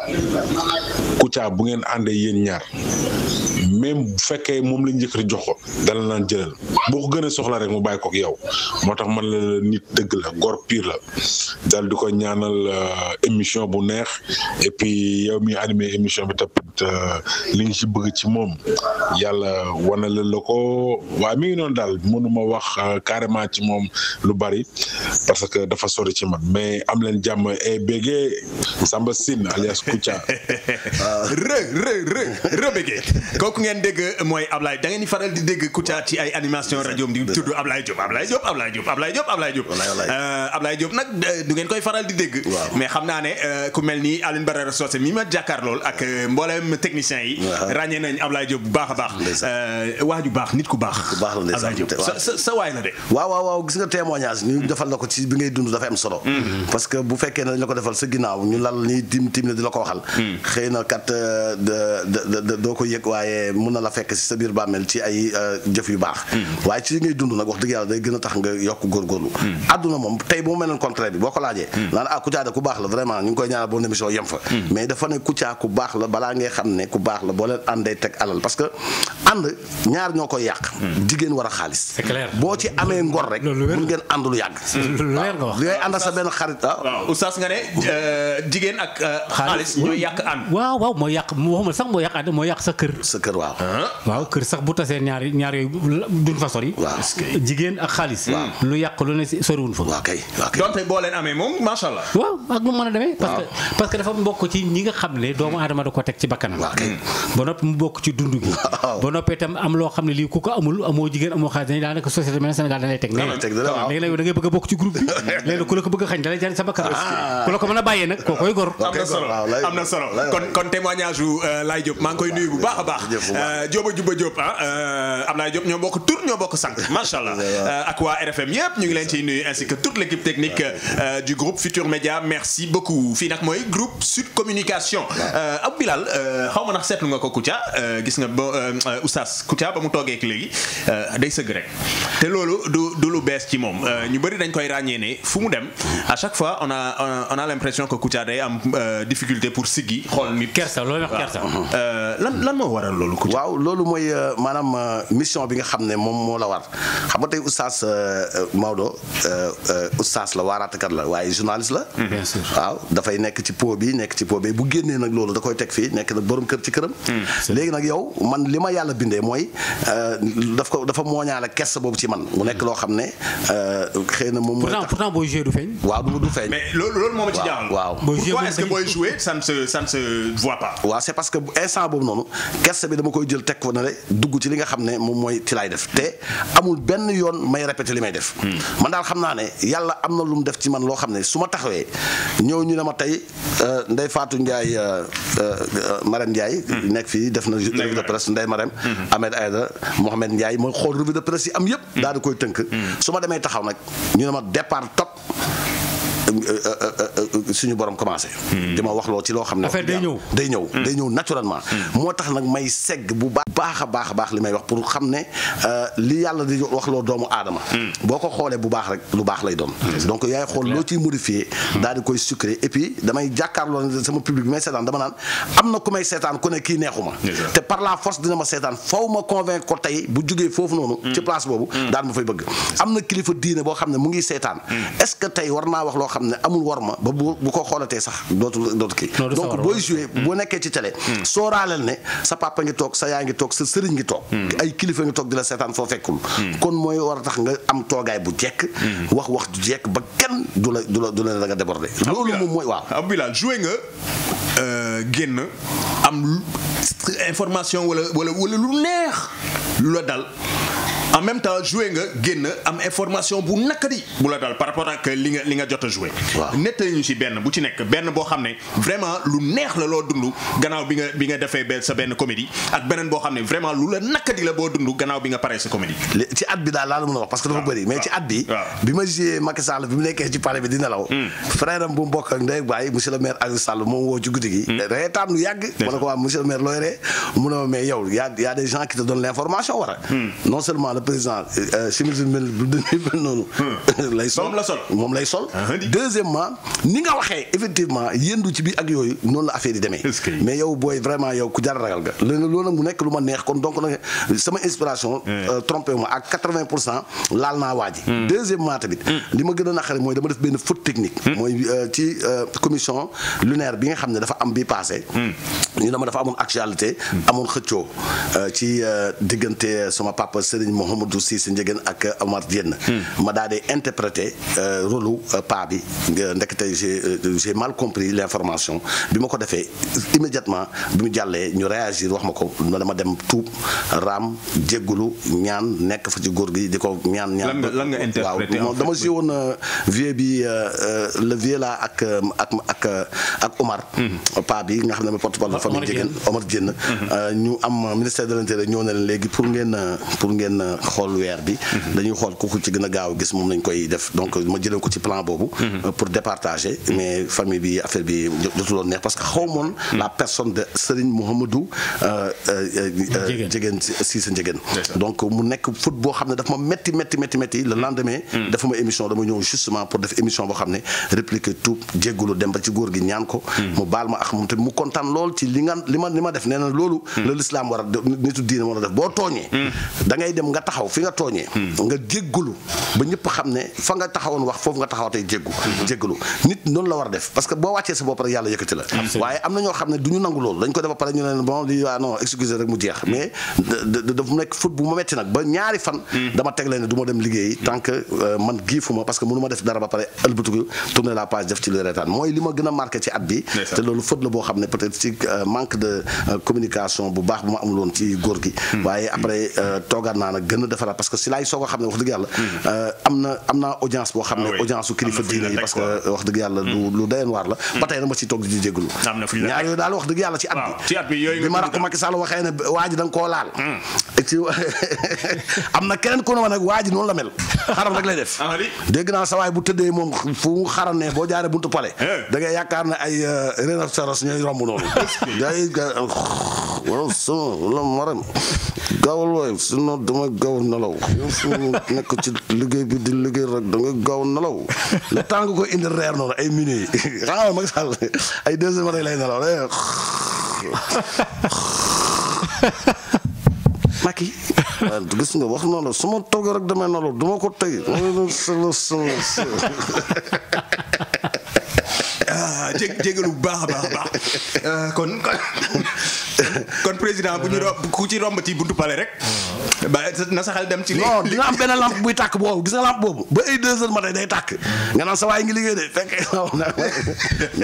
ku Kouthia bu ngeen àndee yéen ñaar même bu fekkee moom lañ njëkkati jox ko dala naan jëlal boo ko gën a soxla rek mu bàyyi kook yow moo tax man la nit dëgg la góor piir la dal di ko ñaanal euh, émission bu neex et puis yow mi animé émission bi tamit liñ ci bëgg ci moom yàlla wanale la ko waaye mi ngi noonu daal mënu ma wax euh, carrément ci moom lu bari parce que dafa sori ci man mais am leen jàmm et béggé Samba Sine alias Kouthia. rë rë rë rë kooku ngeen dégg mooy Ablaye da ngeen di faral di dégg Kouthia ci ay animation rajo di tudd Ablaye Diop Ablaye Diop Ablaye Diop Ablaye Diop Ablaye Diop. Euh, Ablaye Diop nag euh, du ngeen koy faral di dégg. mais xam naa ne ku mel ni Alioune Barara Socé mi ma jàkkaarlool ak mboolem technicien yi. ràññee nañ Ablaye Diop bu baax a baax. waa ju baax ni ku baax baax ku baax la ndeysaan sa sa waay la de waaw waaw waaw gis nga témoignage ñu defal la ko ci bi ngay dund dafa am solo mm-hmm. parce que bu fekkee ne dañ la ko defal sa ginnaaw ñu lal ni tim tim ne di la ko waxal mm. xëy na kat euh, doo ko yëg waaye mun na la fekk sa biir bàmmeel ci ay euh, jëf yu baax mm. waaye ci ngay dund nag wax dëgg yàlla day gën a tax nga yokk góorgóorlu mm. àdduna moom tey bu mu mel bi boo ko laajee naan ah Kouthia da ku baax la vraiment ñu ngi koy ñaanal bon émission yem fa mais dafa la balaa ngay xam jigéen war a xaalis. c'est boo ci amee ngor rek. mun ngeen ànd lu yàgg. lu leer nga wax li ngay ànd sa benn xarit ah. waaw nga ne euh, jigéen ak. Euh, xaalis ñooy yàq am waaw waaw mooy yàq waxuma sax moo yàq ànd moo yàq sa kër. sa kër waaw. Ah. waaw kër sax bu tasee ñaar ñaar yooyu duñ fa sori. waaw jigéen ak xaalis. lu yàq lu ne soriwul fa. waaw kay waaw kay donte boo leen amee moom macha allah. waaw ak nu mu mën a demee. parce que dafa mbokk ci ñi nga xam ne doomu aadama da ko teg ci bakkanam. waaw kay ba noppi mu bokk ci dund gi. ba noppi itam am loo xam ne lii ku ko amul amul amoo jigéen amoo xaalis dañuy daanaka société mel Sénégal dañ lay teg léegi nag da ngay bëgg a bokk ci groupe bi léegi ku la ko bëgg a xañ da lay jar sa bakkan ah. ku la ko mën a bàyyee nag koo koy gor am na solo kon témoignage wu euh, Laye Diop maa ngi koy nuyu bu baax a baax Jóoba Juba Jóob am naa Diop ñoo bokk tur ñoo bokk sànq machallah euh, ak waa RFM yëpp ñu ngi leen ciy nuyu ainsi que toute l'équipe technique euh, du groupe Futur Média merci beaucoup fii nag mooy groupe Sud Communication Abou xaw ma nax seetlu nga ko Koutia gis nga ba Oustaz Koutia ba mu toogee léegi Euh, day sëgg rek te loolu du du lu bees ci moom euh, ñu bëri dañ koy ràññee ne fu mu dem a chaque fois on a on a l'impression que Kouthia day am euh, difficulté pour siggi xool nit. kersa loolu wax kersa. lan lan moo waral loolu. Kouthia waaw loolu mooy maanaam mission bi nga xam ne moom moo la war xam nga tey oustaz Maodo oustaz la waaraatekat la waaye journaliste la. Mm-hmm. bien waaw dafay nekk ci po bi nekk ci po bi bu génnee nag loolu da koy teg fii nekk nag borom kër ci këram. Mm, léegi nag yow man li ma yàlla bindee mooy. daf ko dafa mooñaale kese boobu ci man mu nekk loo xam ne euh, xëy na moom. pourtant pourtant booy joué du feeñ. waaw du du feeñ. mais loolu moo ma ci jaaxal. waaw pourquoi est que booy c'est parce que instant boobu noonu kese bi dama koy jël teg ko ne rek dugg ci li nga xam ne moom mooy ci lay def te amul benn yoon may répété li may def. Hmm. man daal xam naa ne yàlla am na lu mu def ci man loo xam ne su ma taxawee ñëw ñu ne ma tey euh, Ndeye Fatou Ndiaye euh, Marème Ndiaye. Hmm. nekk fii def na. Hmm. Ndeye Marème Ahmed Aïda Mohamed Ndiaye moo xool revue de presse yi am yëpp. Hmm. daal di koy tënk. Hmm. su ma demee taxaw nag ñu ne ma départ top Euh, euh, euh, suñu borom commencé. Hmm. di ma wax loo ci loo xam ne. affaire day ñëw day ñëw hmm. day ñëw naturellement. Hmm. moo tax nag may segg bu baax a baax a baax li may wax pour xam ne li yàlla di wax loo doomu aadama. boo ko xoolee bu baax rek lu baax lay doon. donc yaay xool loo ciy modifié. daal di koy sucré et puis damay jàkkaarloo sama public bi may seetaan dama naan am na ku may seetaan ku ne kii neexuma te par la force dina ma seetaan faw ma convaincre ko tey bu jógee foofu noonu. ci place boobu daal ma fay bëgg. am kilifa diine boo xam ne mu ngi seetaan. xam ne amul worma ba bu bu ko xoolatee sax dootul dootu kii donc booy joué boo nekkee ci télé hmm. sooraaleel ne sa papa ngi toog sa yaa ngi toog sa sëriñ ngi toog hmm. ay kilifa ngi toog di la seetaan foo fekkul hmm. kon mooy war a tax nga am toogaay bu jekk wax wax du jekk ba kenn du la du la du la da nga débordé loolu moom mooy waaw Abou Bilal joué nga euh, génn am information wala wala wala lu neex lu la dal en même temps joué nga génn am information bu nakari bu la daal par rapport ak li nga jot a joué. waaw ñu si benn bu ci nekk benn boo xam ne vraiment lu neex la loo dund gannaaw bi nga defee sa benn comédie ak beneen boo xam ne vraiment lu la nakari la boo dund gannaaw bi nga paree sa comédie. ci at bi daal laa la a wax parce que dafa ah. bëri mais ci at bi. Ah. Ah. bi ma gisee Macky Sall bi mu nekkee ci palais bi di nelaw. Hmm. frère am bu mu bokk ak ndey baay monsieur le maire Aziz Sall hmm. y a le président euh, euh, chemise bu mel bu mel noonu. Hmm. lay sol moom la sol moom lay sol. Ah, deuxièmement ni nga waxee effectivement yëndu ci bi ak yooyu noonu la affaire demee. mais yow booy vraiment yow ku jar ragal ga. loolu nag mu nekk lu ma neex kon donc nag sama inspiration. Hmm. Euh, trompé ma ak 80 pour cent laal naa waa hmm. deuxièmement tamit. li ma gën a naqari mooy dama def benn faute technique. mooy ci commission lunaire bi nga xam ne dafa am bi passé. ñu dama dafa amoon actualité. amoon xëccoo Mouhamadou Cissé Ndiéguène ak Omar Diène hmm. ma daal di interprété euh, rôle euh, pa bi ndekete euh, j'ai mal compris ma ko defee immédiatement bi mu jàllee ñu réagir wax ma ko dama dem tuub raam jéggulu ñaan nekk fa ci góor gi di ko ñaan ñaan waaw dama joué woon vieux bi le vieux là ak ak ak ak hmm. nga xam ne ma porte-parole de famille Ndiéguène Omar Diène hmm. ñu am ministère de l'intérieur ñëw na leen léegi pour ngeen pour ngeen xool weer bi mhm. dañuy xool ku ci gën a gaaw gis moom lañ koy def donc ma jëlee ko ci plan boobu mhm. euh, pour départager mais famille bi affaire bi jotuloon neex parce que xaw moon mhm. la personne de Serigne Mouhamadou euh, euh, Ndiéguène Cissé Ndiéguène donc mu nekk foot boo xam ne dafa ma metti metti metti metti le lendemain dafa ma émission dama ñëw justement pour def émission boo xam ne répliquer tout jéggulu dem ba ci góor gi ñaan ko mu baal ma ak moom te mu kontaan lool ci li nga li ma li ma def nee na loolu la l'islam war a nitu diine a def boo tooñee da taxaw fi nga tooñee hmm. nga jéggulu ba ñëpp xam ne fa nga taxawoon wax foofu nga taxaw jéggu hmm. jéggulu nit noonu la war a def parce que boo wàccee sa bopp rek yàlla yëkkati la waaye am na ñoo xam ne du ñu nangu loolu dañ ko def ba pare ñu ne la page def ci lu reetaan mooy li ma gën a marqué ci at bi te loolu faute la boo xam ne peut ci euh, manque de euh, communication bu baax bu ma amul ci góor gi hmm. waaye après euh, toogaat naa gën a defaraat parce que si laay soog a xam ne wax dëgg yàlla euh, am na am naa audience boo xam ne ah audience su kilifa diine parce que wax dëgg yàlla lu hmm. lu waar la hmm. ba tey na ma toog di jégalu ñaar yooyu daal wax dëgg yàlla ci at bi bi ma rakk Macky Sall waxee ne waa ji koo laal hmm. am na keneen ku ne ma nag waa noonu la mel xaram rek lay def ah, dégg naa sa waay bu tëddee moom fu mu ne boo jaaree buntu pale eh. da yaakaar ne ay euh, rhinocéros ñooy romb noonu waaw sama la maram gaawal waay sinon dama gaaw nelaw yow su nekk ci liggéey bi di liggéey rek da nga gaaw nelaw le temps ko indi reer noonu ay minutes xanaa ah, mag sàll ay deux heures rek lay nelaw lay eh. Macky ah, gis nga wax noonu su ma toogee rek damay nelaw du ma ko tey ah jé jégalu baax baax baax euh, kon kon kon président bu ñu ku ci romb ci buntu palais rek. ba na saxal dem ci. non di nga am benn lampe buy tàkk boobu gisa nga boobu ba ay deux heures matin day tàkk nga naan sa waay ngi liggéey de fekk nga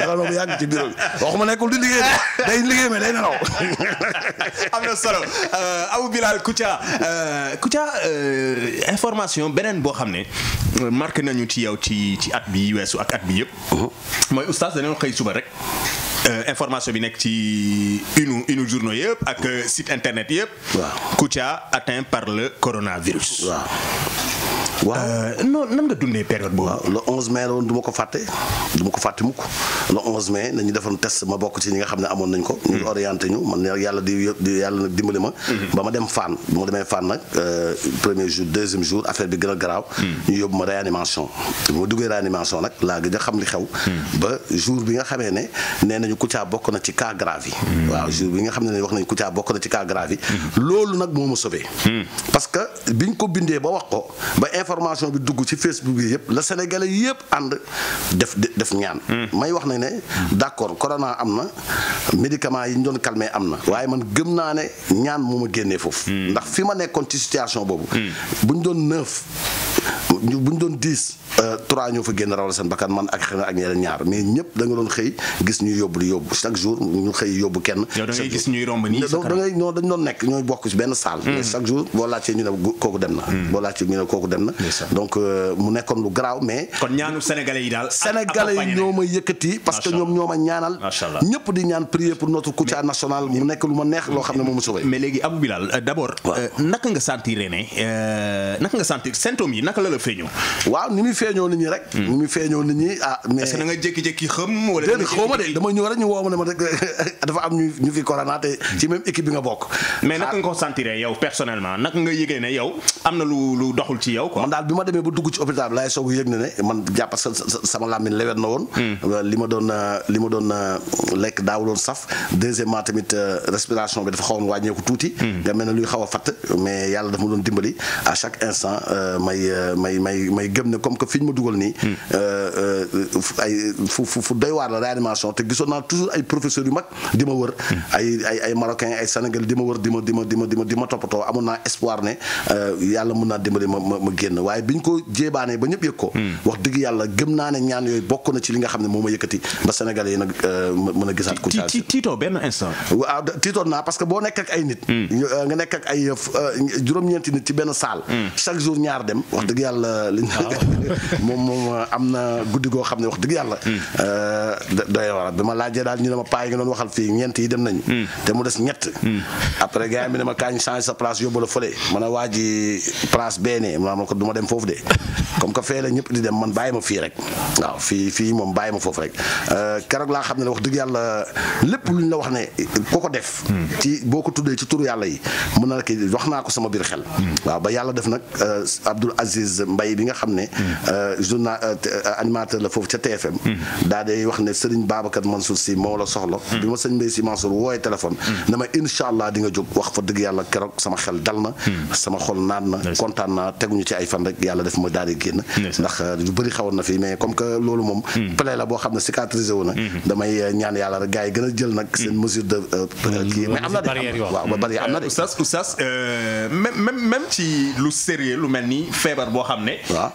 naan moom yàgg ci bureau bi waxuma nekkul di liggéey de day liggéey mais day nelaw. am na solo euh, Abou Bilal Kouthia euh, Kouthia euh, information beneen boo xam ne marqué nañu ci yow ci ci at bi weesu ak at bi yëpp. Uh-huh. mooy oustaz dañoo xëy suba rek. Euh, information bi nekk ci une une journaux yëpp ak euh, site internet yëpp. waaw Kouthia atteint par le coronavirus. waaw. waaw euh, non nan nga dundee période boobu. waaw le 11 mai la woon du ma ko fàtte du ma ko fàtte mukk le 11 mai nañu defoon test ma bokk ci ñi nga xam ne amoon nañ ko. ñu hmm. orienté ñu man yàlla di yàlla nag dimbali ma. Hmm. ba ma dem Fann bu ma demee Fann nag euh, premier jour deuxième jour affaire bi gën a garaaw. Hmm. ñu yóbbu ma réanimation bu ma duggee réanimation nag laa gëj a xam li xew. ba jour bi nga xamee ne nee nañu Kouthia bokk na ci cas grave yi. waaw jour bi nga xam ne wax nañu Kouthia bokk na ci cas grave yi. loolu information bi dugg ci Facebook yi yëpp la sénégalais yëpp ànd def def ñaan. Hmm. may wax na ne d' accord corona am na médicament yi ñu doon calmer am na. waaye man gëm naa ne ñaan moo ma génnee foofu. Hmm. ndax fi ma nekkoon ci situation boobu. Hmm. bu ñu doon neuf bu ñu doon dix. Euh, trois ñoo fa génn rawal seen bakkan man ak xëy ak ñeneen ñaar mais ñëpp da doon xëy gis ñuy yóbbu di yóbbu chaque jour ñu xëy yóbbu kenn. yow da ngay gis ñuy romb nii da ngay ñoo dañ doon nekk ñooy bokk ci benn salle. mais chaque jour ñu ne kooku kooku dem na. donc euh, mu nekkoon lu garaaw mais. kon ñaanu sénégalais yi daal. sénégalais yi ñoo ma yëkkati parce que ñoom ñoo ma ñaanal. macha allah ñëpp di ñaan prier pour notre Kouthia national mu nekk lu ma neex loo xam ne moom mu mais léegi Abou Bilal euh, d' abord. Euh, naka nga sentir ne naka nga sentir symptômes yi naka la la feeñoo. waaw ni muy feeñoo nit ñi rek. Hmm. ni muy feeñoo nit ñi ah. mais est ce que da nga jékki-jékki xam. wala déedéet xaw ma de dama ñëw rek ñu woo ne ma dafa am ñu fi corona te hmm. ci même équipe bi nga bokk. mais naka nga ko sentir yow personnellement ne yow am na lu lu doxul daal bi ma demee ba dugg ci hôpital bi laay soog yëg na ne man jàpp sama làmmiñ lewet na woon. Hmm. li ma doon li ma doon euh, lekk daawuloon saf deuxièmement tamit euh, respiration bi dafa xawoon wàññeeku tuuti. Hmm. nga mel luy xaw a fatt mais yàlla dafa ma doon dimbali à chaque instant euh, may may may may ma dugal nii. Hmm. ay fu fu doy waar la réanimation te gisoon naa toujours ay professeurs yu mag di ma wër. ay di ma di di ma di ma di ma toppatoo ma ma génn. génn waaye bi ñu ko jéebaanee ba ñëpp yëg ko hmm. wax dëgg yàlla gëm naa ne ñaan yooyu bokk na ci li nga xam ne moo ma yëkkati ba sénégalais yi nag euh, mën a gisaat ku ci tiitoo benn instant waaw tiitoon naa parce que boo nekk ak ay nit hmm. euh, nga nekk ak ay euh, juróom-ñeenti nit ci benn saal hmm. chaque jour ñaar dem wax dëgg yàlla liñ ah. ñu ne ma paay nga doon waxal fii ñeent yi dem nañu te mu des ñett après gars yi mi kaañ changer sa place yóbbu la fële mën a waaji place beenee ma du ma dem foofu de comme que fee la ñëpp di dem man bàyyi ma fii rek waaw fii fii moom bàyyi ma foofu rek euh, keroog laa xam ne wax dëgg yàlla lépp lu la wax ne ko ko def. Hmm. ci boo ko tuddee ci turu yàlla yi mën na la kii wax naa ko sama biir xel. Hmm. waaw ba yàlla def nag euh, Abdoul Aziz Mbaye bi nga xam ne. Hmm. Euh, journal animateur la foofu ca TFM. daa day wax ne Serigne Babacar Mansour si moo la soxla. bi ma sëñ Mbaye si Mansour wooyee téléphone. na ma incha allah di nga jóg wax fa dëgg yàlla keroog sama xel dal na. sama xol naan na kontaan naa teguñu fan rek yàlla def ma daal di génn ndax lu euh, bëri xawoon na fi mais comme que loolu moom hmm. plaie la boo xam ne cicatrisé wu na hmm. damay euh, ñaan yàlla rek gars yi gën a jël nag seen hmm. mesure de euh, kii mais am na de waaw ba barrière am na de oustaz oustaz même même même ci lu sérieux lu mel ni feebar boo xam ne waaw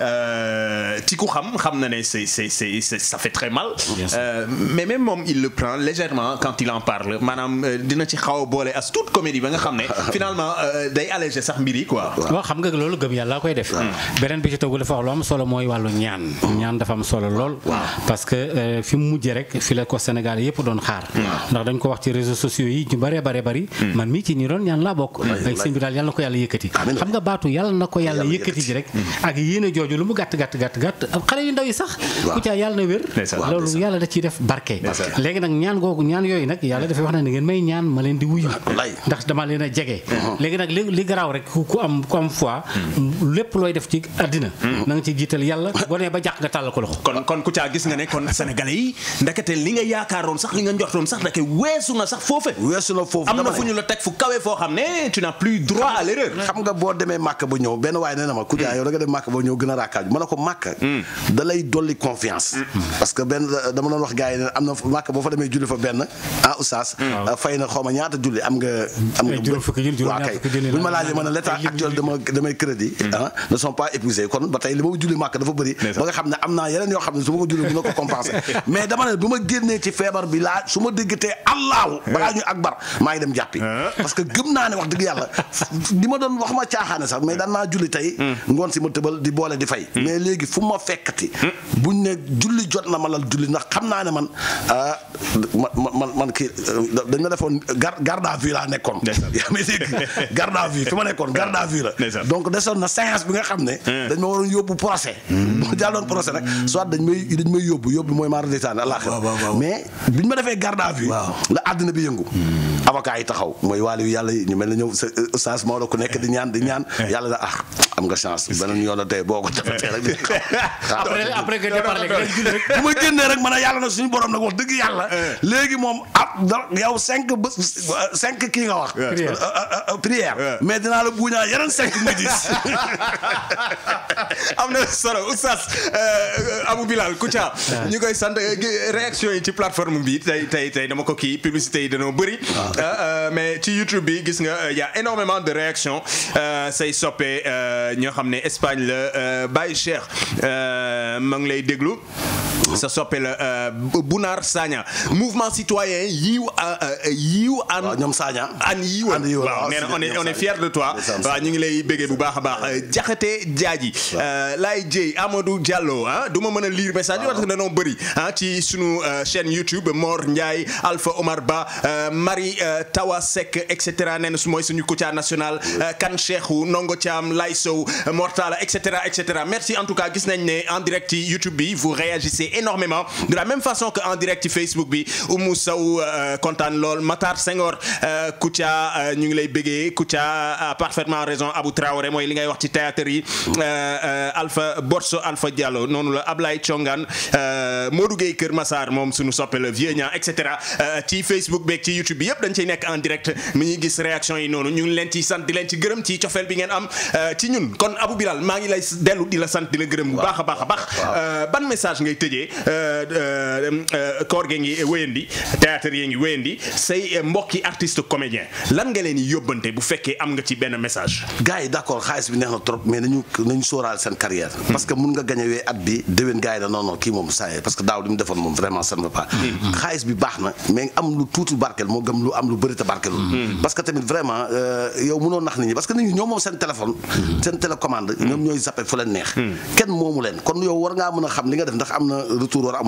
ci ku xam xam na ne c'est c'est c'est ça fait très mal mais même moom il le prend légèrement quand il en parle maanaam dina ci xaw a boole as toute comédie ba nga xam ne finalement day alléger sax mbir yi quoi waaw xam nga loolu gëm yàlla koy def beneen bi ci tegu dafa wax lu am solo mooy wàllu ñaan ñaan dafa am solo lool parce que euh, fi mu mujjee rek fi la ko Sénégal yëpp doon xaar ndax dañ ko wax ci réseaux sociaux yi hmm. na ko yàlla yëkkati xam nga baatu yàlla na ko yàlla yëkkati ji rek hmm. ak yéene jooju lu mu gàtt gàtt gàtt gàtt xale yu ndaw yi sax ku ca yàlla na wér loolu yàlla da ciy def barke léegi nag ñaan googu ñaan yooyu nag yàlla dafay wax ne ngeen may ñaan ma leen di wuyu ndax dama a def ci àddina hmm. na nga ci jiital yàlla boo nee ba jàq nga tàllal ko loxo kon kon gis nga ne kon sénégalais yi ndekete li nga yaakaaroon sax li nga njortoon sax ndeke weesu na sax foofe na foofu na hmm. a ko màkk hmm. da lay dolli confiance parce que benn dama doon wax gars yi ne am na màkk boo fa demee julli fa benn ah oustaz ah, fay na xaw ma ñaata julli am nga am nga waaw kay buñ ma laajee ma ne l'état actuel dama damay crédit ah, sont pas épuisés kon ba tey li ma julli màkk dafa bëri ba nga xam ne am naa yeneen yoo xam ne su ma ko julli dina ko compenser mais dama ne bu ma génnee ci feebar bi laa su ma déggatee allahu eh. balaa ñu akbar maa ngi dem jàppi eh. parce que gëm naa ne wax dëgg yàlla li ma doon wax ma caaxaane sax mais daan naa julli tey hmm. ngoon si ma tëbal di boole di fay hmm. mais léegi fu ma fekkati hmm. buñ ne julli jot na ma lal julli ndax xam naa ne man ah, man man euh, dañ ma defoon garde à ma nekkoon garde à vue la donc desoon na séance bi nga xam ne. Eh. dañ ma waroon yóbbu procès. bu hmm. ma jàlloon procès nag soit dañ may dañ may yóbbu yóbbu mooy maara ndeysaan àllaaxira mais bi biñ ma defee garde à vue la àddina bi yëngu. Hmm. avocat yi taxaw mooy waali yu yàlla ñu mel ne ñëw euh, oustaz Maodo ku nekk di ñaan di ñaan eh. yàlla da ah am nga chance beneen yoon la tey boo ko defatee rek eh. ah, rek bu ma génnee rek man a yàlla na borom nag wax dëgg yàlla eh. léegi moom ab ah, da yow cinq bés cinq kii nga wax euh, euh, mais dinaa la buuñaa yeneen cinq muy dix na solo oustaz Abou Bilal Kouthia ñu koy sant réaction yi ci plateforme bi tey tey tey dama ko kii publicité yi dañoo bëri ah. Euh, euh, mais ci YouTube bi gis nga euh, y' a énormément de réactions say soppe ñoo xam ne Espagne la Baye Cheikh ma ngi lay déglu. sa soppe la Bounar Sagna mouvement citoyen yiiw yiiw an. waaw ñoom Sagna an yiiw waaw nee na on est fier de toi. waaw ñu ngi lay béggee bu baax a baax. jaxate jaaji Laye Dieye Amadou Diallo ah, du ma mën a lire message yi ah. parce que dañoo bëri ah ci sunu chaîne YouTube Mor Ndiaye Alpha Omar Ba Marie. Euh, Tawa Seck et cetera nee na mooy suñu Kouthia national euh, kan Cheikhou Ndongo Thiam Lay Sow Mortala et cetera et cetera merci en tout cas gis nañ ne en direct ci YouTube bi vous réagissez énormément de la même façon que en direct ci Facebook bi Oumou saw euh, kontaan lool Matar Senghor Kouthia ñu ngi lay bëggee Kouthia a parfaitement raison Abou Traoré mooy li ngay wax ci théâtre yi Alpha Borso Alpha Diallo noonu la Ablaye Thiongan Modou Gueye Kër Massar moom suñu soppe la Vieux Niang et cetera ci Facebook beeg ci YouTube bi dañ ciy nekk en direct mi ñuy gis réaction yi noonu ñu ngi leen di leen ci euh, di la sant di la gërëm lan nga leen di yóbbante bu fekkee am nga ci benn message gars yi d'accord xaalis bi neex na trop mais nañu nañu sóoraal seen carrière hmm. parce que mun nga gañewee at bi déwén gars yi na non kii moom saa parce que daaw li mu defoon moom hmm. xaalis bi baax na mais am lu tuuti barkeel moo gëm lu am lu bëri te barkelul mm-hmm. parce que tamit vraiment euh, yow mënoo nax nit ñi parce que nit ñi ñoom moom seen téléphone mm-hmm. seen télécommande mm-hmm. ñoom ñooy zappe fu leen neex kenn moomu leen kon yow war ngaa mën a xam li nga def ndax am na retour war a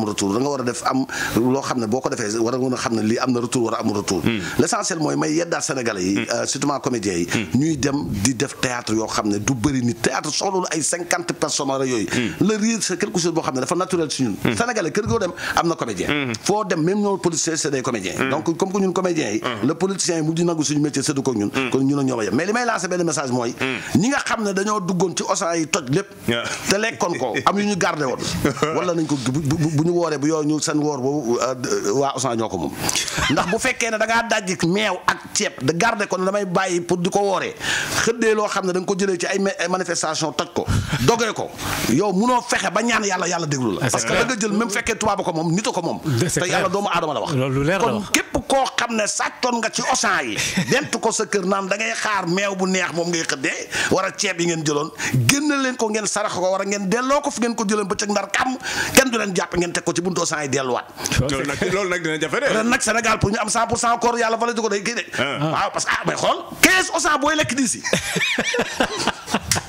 retour da mooy may yeddaat sénégalais yi euh, surtout comédiens yi ñuy dem di def théâtre yoo xam ne du bëri nit théâtre soxlul ay cinquante personnes wala yooyu le rire c'est quelque chose boo xam ne dafa naturel Hmm. le politicien yi mu di nangu suñu métier séddu ko ñun hmm. kon ñun ak ñoom a yem mais li may lancer benn message mooy hmm. ñi nga xam ne dañoo duggoon ci osan yi toj lépp te lekkoon ko am yu ñu gardé woon wala nañ ko bu ñu wooree bu yoo ñu seen woor boobu euh, waa osan ñoo ko moom ndax bu fekkee ne da ngaa dajji meew ak ceeb de ko ne damay bàyyi pour di ko wooree xëddee loo xam ne da nga ko jëlee ci ay manifestation toj ko dogee ko yow munoo fexe ba ñaan yàlla xajtoon nga ci osan yi dent ko sa kër naan da ngay xaar meew bu neex moom ngay xëddee war a ceeb yi ngeen jëloon génn leen ko ngeen sarax ko war a ngeen delloo ko fu ngeen ko jëloon bëccëg ndar kam kenn du leen jàpp ngeen teg ko ci buntu osan yi delluwaat loolu nag dina jafe de ren nag Sénégal pour ñu am 100 pour cent koor yàlla fa la jógo day kii de ah. waaw parce ah may xool 15 osan booy lekk di si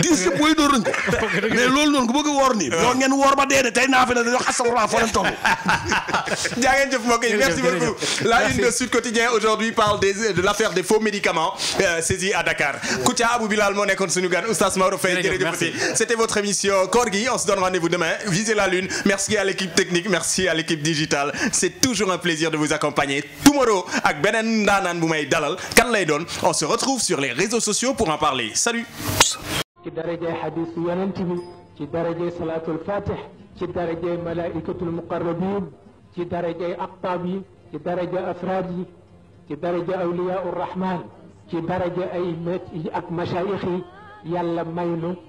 diis yëpp booy dóor nañ ko mais loolu noonu ku woor nii doo ngeen woor ba dee tey naa fi ne dañoo xasawaraa foo leen toll jaa ngeen jëf la une de Sud Quotidien aujourd'hui parle des de l'affaire des faux médicaments euh, saisis à Dakar Koutia Abou Bilal moo nekkoon suñu gan Oustaz Maodo Faye jërëjëfati c'était votre on se donne rendez-vous demain visez la lune merci à l'équipe technique merci à l'équipe digitale c'est toujours un plaisir de vous accompagner tomorrow ak beneen ndaanaan kan lay doon on se ci darajay xadiisu yonent bi ci darajay salaatul fatih ci darajay malaikatul muqarrabin ci darajay aqtaab yi ci daraja afraad yi ci daraja awliyaa urrahman ci daraja ay ak machaayix yi yàlla may nu